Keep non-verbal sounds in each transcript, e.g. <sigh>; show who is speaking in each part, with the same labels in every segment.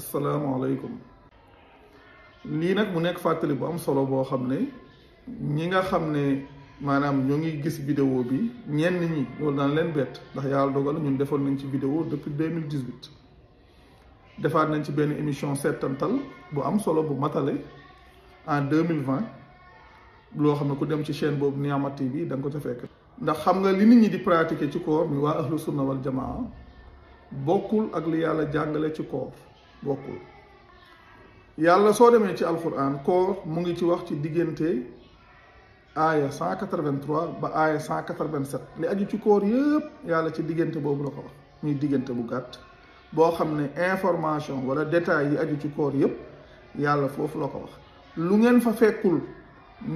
Speaker 1: asalaamaaleykum lii nag mu nekk fàttali bu am solo boo xam ne ñi nga xam ne maanaam ñoo ngi gis vidéo bi ñenn ñi loolu daan leen bett ndax yàlla dogal ñun defoon nañ ci vidéo depuis 2018 defaat nañ ci benn émission settantal bu am solo bu matale en 2020 loo xam ne ku dem ci chaîne boobu Nihama TV da nga ko ca fekk ndax xam nga li nit ñi di pratiquer ci koor mi waa ahlu sunna wal jamaa bokkul ak li yàlla jàngale ci koor bokkul yàlla soo demee ci alquran koor mu ngi ci wax ci diggante aaya 183 ba aaya 187 li aju ci koor yëpp yàlla ci diggante boobu la ko wax muy diggante bu gàtt boo xam ne information wala détail yi aju ci koor yëpp yàlla foofu la ko wax lu ngeen fa fekkul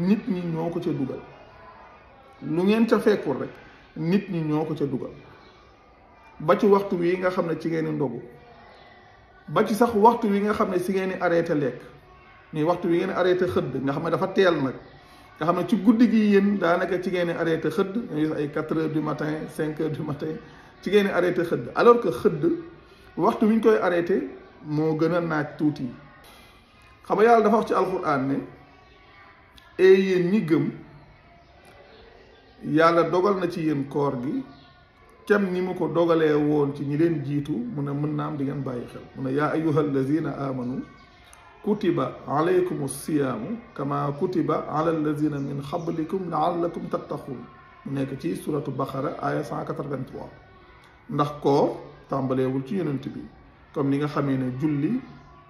Speaker 1: nit ñi ñoo ko ca dugal lu ngeen ca fekkul rek nit ñi ñoo ko ca dugal ba ci waxtu wi nga xam ne ci ngeen ndogu ba ci sax waxtu wi nga xamne si ngeen arrêté lek ni waxtu wi ngeen arrêté xëdd nga xamne dafa teel nak nga xamne ci guddi gi yéen naka ci ngeen arrêté xëdd ay 4 h du matin 5 h du matin ci ngeen arrêté xëdd alors que xëdd waxtu wi ñu koy arrêté mo gëna naaj tuuti xam nga yàlla dafa wax ci alxuraan ne ee yéen ñi gëm yàlla dogal na ci yéen koor gi. kem ni mu ko dogalee woon ci ñi leen jiitu mu ne mën na am di ngeen bàyyi a mu ne yaa ayuha allazina amanu kutiba alaykum siyaamu kama kutiba ala allazina min xablikum laallakum tattaquun mu nekk ci suratu baqara aya 183 ndax ko tàmbaleewul ci yonent bi comme ni nga xamee ne julli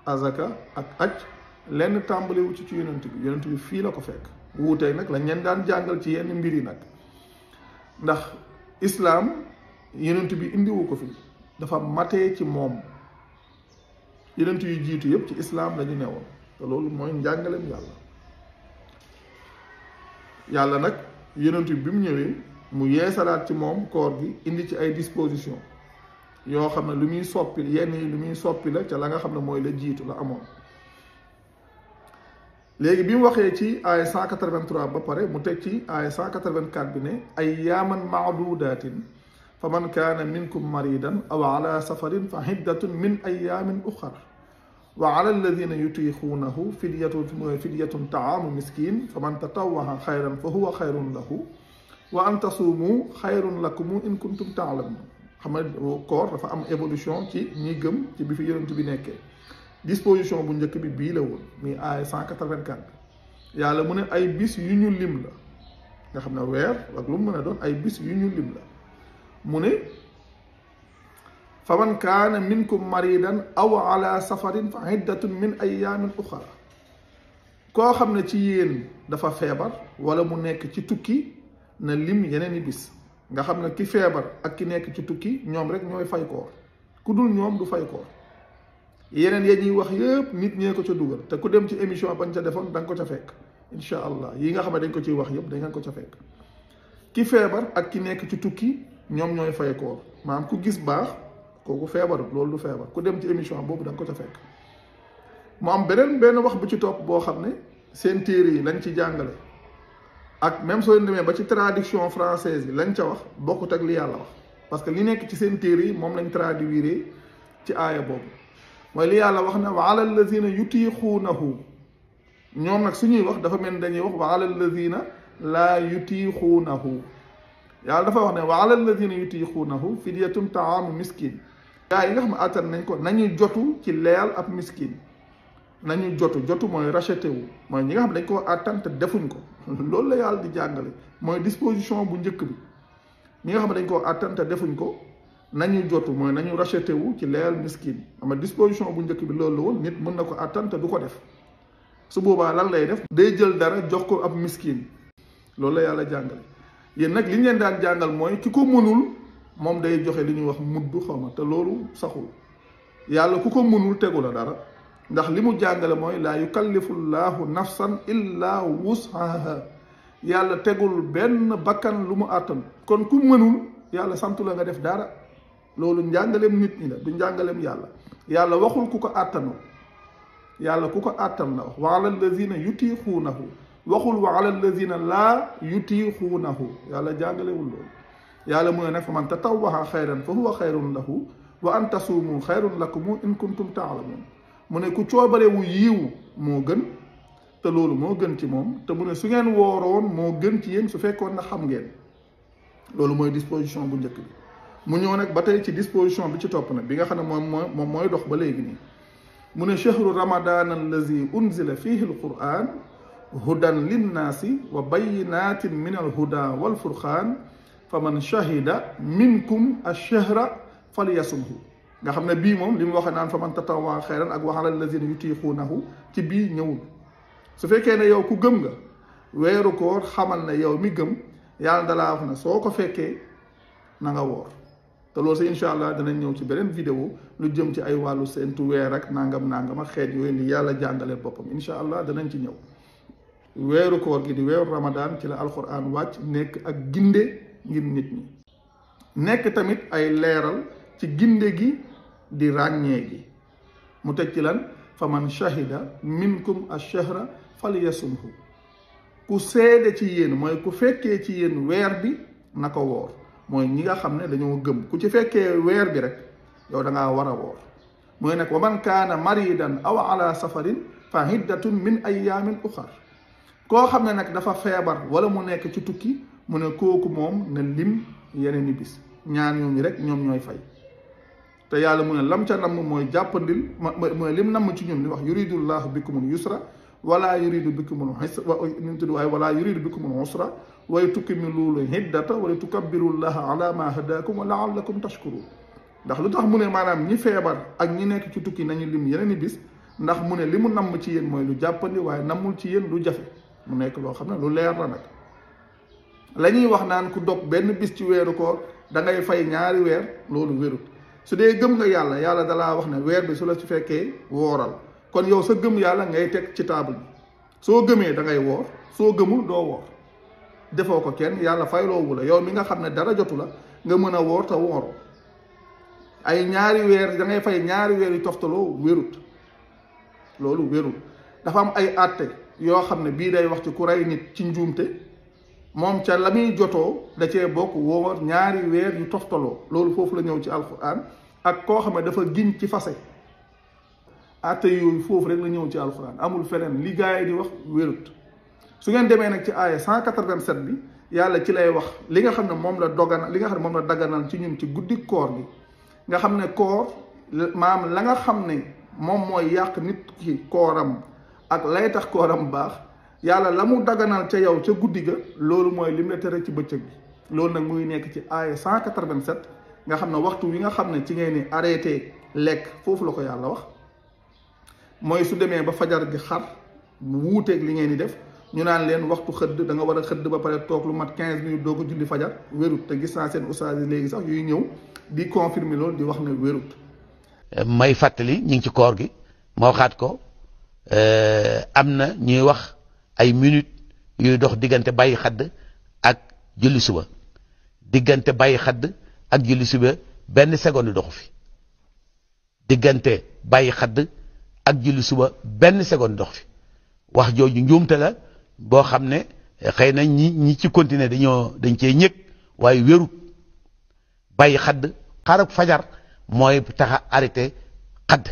Speaker 1: azaka ak aj lenn tàmbalewu ci ci yonent bi yonent bi fii la ko fekk wuuteeg nag la ñeen daan jàngal ci yenn mbir yi nag ndax islaam yenent bi indiwu ko fi dafa matee ci moom yenent yu jiitu yépp ci islaam lañu newoon te loolu mooy njàngaleem yàlla yàlla nag yeneentu bi bi mu ñëwee mu yeesalaat ci moom koor gi indi ci ay disposition yoo xam ne lu muy soppi yenn yi lu muy soppi la ca la nga xam ne mooy la jiitu la amoon léegi bi waxee ci aaya 183 ba pare mu teg ci aaya 184 bi ne ay yaaman maadudaatin فمن كان منكم مريضا أو على سفر فعدة من أيام أخرى وعلى الذين يطيقونه فدية فدية طعام مسكين فمن تطوع خيرا فهو خير له وأن تصوموا خير لكم إن كنتم تعلمون xam nga koor dafa am évolution ci ñi gëm ci bi fi yonent bi nekkee disposition bu njëkk bi bii la woon muy aaya 184 yàlla mu ne ay bis yu ñu lim la nga xam ne weer ak lu mu mën a doon ay bis yu ñu lim la مني فمن كان منكم kaana او على سفر فعده من ايام اخرى كو ayamin تي يين دا فا فيبر ولا مو نيك تي توكي نا ليم يينيني بيس nga xamna ki febar ak ki nek ci tukki ñom rek ñoy fay ko ku dul ñom du fay ko yeneen ya ñuy wax yépp nit ñe ko ci duggal te ku dem ci émission bañ ca defon dang ko ca fekk inshallah yi nga xam dañ ko ci wax yépp dañ nga ko ca fekk ki febar ak ki nek ci tukki ñoom ñooy fay maa maanaam ku gis baax kooku feebarut loolu du feebar ku dem ci émission boobu da ko ca fekk mu am beneen benn wax bu ci topp boo xam ne seen téere yi lañ ci jàngale ak même soo demee ba ci tradition française yi lañ ca wax bokkut ak li yàlla wax parce que li nekk ci seen téere yi moom lañ traduire ci aaya boobu mooy li yàlla wax ne wa ala na yutiixuunahu ñoom nag suñuy wax dafa mel ni dañuy wax wa ala allazina laa yutiixuunahu yàlla dafa wax ne na wa ala alladina yutiqunahu fidyatun taamu miskin gaa yi nga xam ne attan nañ ko nañuy jotu ci leyal ab miskin nañuy jotu jotu mooy racheté wu mooy ñi nga xam dañ ko attan te defuñ ko <laughs> loolu la yàlla di jàngale mooy disposition bu njëkk bi ñi nga xam dañ ko attan defuñ ko nañuy jotu mooy nañu racheté wu ci leyal miskin ama disposition bu njëkk bi loolu la woon nit mën na ko attan du ko def su boobaa lan lay def day jël dara jox ko ab miskin loolu la yàlla jàngale yéen nag li leen daan jàngal mooy ki ko mënul moom day joxe li ñuy wax mudd xaw ma te loolu saxul yàlla ku ko mënul tegu la dara ndax li mu jàngale mooy laa yukallifu llaahu nafsan illa wusaha yàlla tegul benn bakkan lu mu àttan kon ku mënul yàlla sant la nga def dara loolu njàngaleem nit ñi la du njàngaleem yàlla yàlla waxul ku ko àttanul yàlla ku ko àttan la wax wa ala lazina yutiquunahu waxul wa ala lazina laa yutiixuunahu yàlla jàngalewul loolu yàlla mu ne nag fa man tatawwaha xayran fa huwa xayrun lahu wa an tasuumu xayrun lakum in kuntum taalamun mu ne ku coobarewu yiiw moo gën te loolu moo gën ci moom te mu ne su ngeen wooroon moo gën ci yéen su fekkoon na xam ngeen loolu mooy disposition bu njëkk bi mu ñëw nag ba tey ci disposition bi ci topp nag bi nga xam ne moom mooy moom mooy dox ba léegi nii mu ne chahru ramadan allazi unzila fihi alquran هدى للناس وبينات من الهدى والفرقان faman shahida minkum الشهر فليصمه nga xamne bi mom limu waxe nan faman tatawa khairan ak waxal lazina yutiqunahu ci bi ñëwul su fekke ne yow ku gëm nga wëru ko xamal ne yow mi gëm yàlla dala wax na soko fekke na nga wor te loolu sa inshallah dana ñëw ci benen vidéo lu jëm ci ay walu sentu wër ak nangam nangam ak xeet yooyu ni yàlla jangale bopam inshallah dana ci ñëw weeru koor gi di weeru ramadaan ci la alxuraan wàcc nekk ak ginde ngir nit ñi nekk tamit ay leeral ci ginde gi di ràññee gi mu teg ci lan fa man shahida minkum ash-shahra falyasumhu ku seede ci yéen mooy ku fekkee ci yéen weer bi na ko woor mooy ñi nga xam ne dañoo gëm ku ci fekkee weer bi rek yow danga ngaa war a woor mooy nag wa man maridan aw ala safarin fa min ayamin uxar ko xamne nak dafa febar wala mu nek ci tukki mu ne koku mom na lim yeneeni i bis ñaar ñooñu rek ñoom ñoy fay te yàlla mu ne lam ca nam moy jàppandil moy lim nam ci ñun li wax yuridullahu bikum yusra wala yuridu min tudu waaye wala yuridu bikum usra way tukki mi lulu hiddata wala tukabbirullaha ala ma hadakum wa laallakum tashkurun ndax lu tax mu ne manam ñi febar ak ñi nek ci tukki nañu lim yeneeni bis ndax mu ne limu nam ci yéen moy lu jàppandi waaye namul ci yéen lu jafe mu nekk loo xam ne lu leer la nag la wax naan ku dog benn bis ci weeru koor dangay fay ñaari weer loolu wérut su dee gëm nga yàlla yàlla dalaa wax ne weer bi su la ci fekkee wooral kon yow sa gëm yàlla ngay teg ci table bi soo gëmee da ngay woor soo gëmul doo woor defoo ko kenn yàlla fayloowu la yow mi nga xam ne dara jotu la nga mën a woor te wooro ay ñaari weer da fay ñaari weer yu toftaloo wérut loolu wérut dafa am ay àtte yoo xam ne bii day wax ci ku rey nit ci njuumte moom ca la muy jotoo da cee bokk woowar ñaari weer yu toftaloo loolu foofu la ñëw ci alquran ak koo xam ne dafa giñ ci fase atte yooyu foofu rek la ñëw ci alquran amul feneen li di wax wérut su ngeen demee nag ci aaya 187 bi yàlla ci lay wax li nga xam ne moom la dogan li nga xam ne moom la daganal ci ñun ci guddi koor gi nga xam ne koor maam la nga xam ne moom mooy yàq nit ki kooram ak lay tax kooram baax yàlla la mu daganal ca yow ca guddi ga loolu mooy lim la tere ci bëccëg bi loolu nag mu nekk ci aaya 187 nga xam ne waxtu wi nga xam ne ci ngeen ne arrêté lekk foofu la ko yàlla wax mooy su demee ba fajar gi xar wuuteeg li ngeen di def ñu naan leen waxtu xëdd da nga war a xëdd ba pare toog lu mat 15 minutes doo ko julli fajar wérut te gis naa seen ustaas yi léegi sax yuy ñëw di confirmer loolu di wax ne wérut. may fàttali ñu ci koor gi moo xaat ko. Euh, am na ñuy wax ay minutes yuy dox diggante bàyyi xadd ak julli suba diggante bàyyi xadd ak julli suba benn seconde doxu diggante bàyyi xadd ak julli suba benn seconde dox fi wax jooju njuumte la boo xam ne xëy na ñi ñi ci continuer dañoo dañ cee ñëg waaye wérut bàyyi xadd xaaral fajar mooy taxa arrêté xadd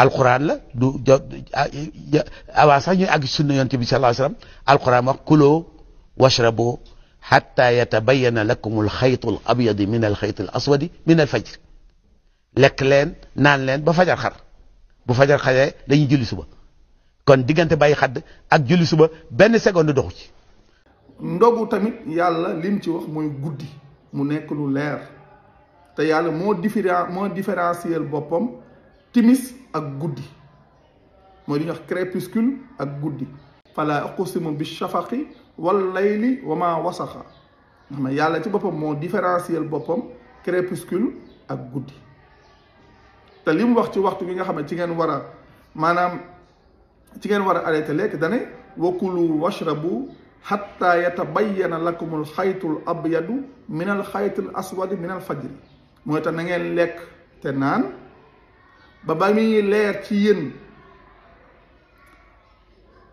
Speaker 1: القران لا دو اواساني اك سنه يونتي بي صلى الله عليه وسلم القران ما كلوا واشربوا حتى يتبين لكم الخيط الابيض من الخيط الاسود من الفجر لك لين نان لين با فجر خر بو فجر خري لا ني جولي صبا كون ديغنت باي خد اك جولي صبا بن سكوند دوخو ndogu tamit yalla lim ci wax moy goudi mu nek lu leer te yalla mo différent mo différentiel bopam timis ak guddi mooy li ñuy wax crépuscule ak guddi fala uqsimu bi shafaqi wal layli wama wasakha wasaxa nga xam ne yàlla ci boppam moo différentiel boppam crépuscule ak guddi te li wax ci waxtu bi nga xam ne ci ngeen wara a maanaam ci ngeen war a arrêté dane wakulu washrabu xatta yatabayyana lakumul xaytul abyadu minal xaytil aswad minal fajri mooy tax na ngeen lekk te naan ba ba muy leer ci yéen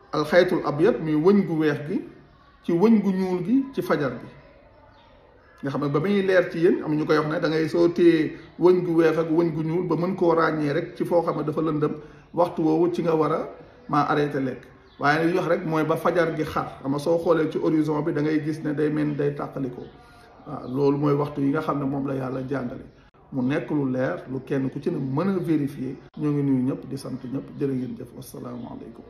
Speaker 1: alxaytul abyad muy wëñ gu weex gi ci wëñ gu ñuul gi ci fajar gi nga xam ne ba muy leer ci yéen am ñu koy wax ne da ngay soo téye wëñ gu weex ak wëñ gu ñuul ba mën koo ràññee rek ci foo xam ne dafa lëndëm waxtu woowu ci nga war a maa arrêté lekk waaye li ñu wax rek mooy ba fajar gi xar ama soo xoolee ci horizon bi da ngay gis ne day mel day tàqalikoo waaw loolu mooy waxtu yi nga xam ne moom la yàlla jàngale mu nekk lu leer lu kenn ku ci ne mën a vérifier ñoo ngi nuyu ñëpp di sant ñëpp jërë ngeen jëf wasalaamaaleykum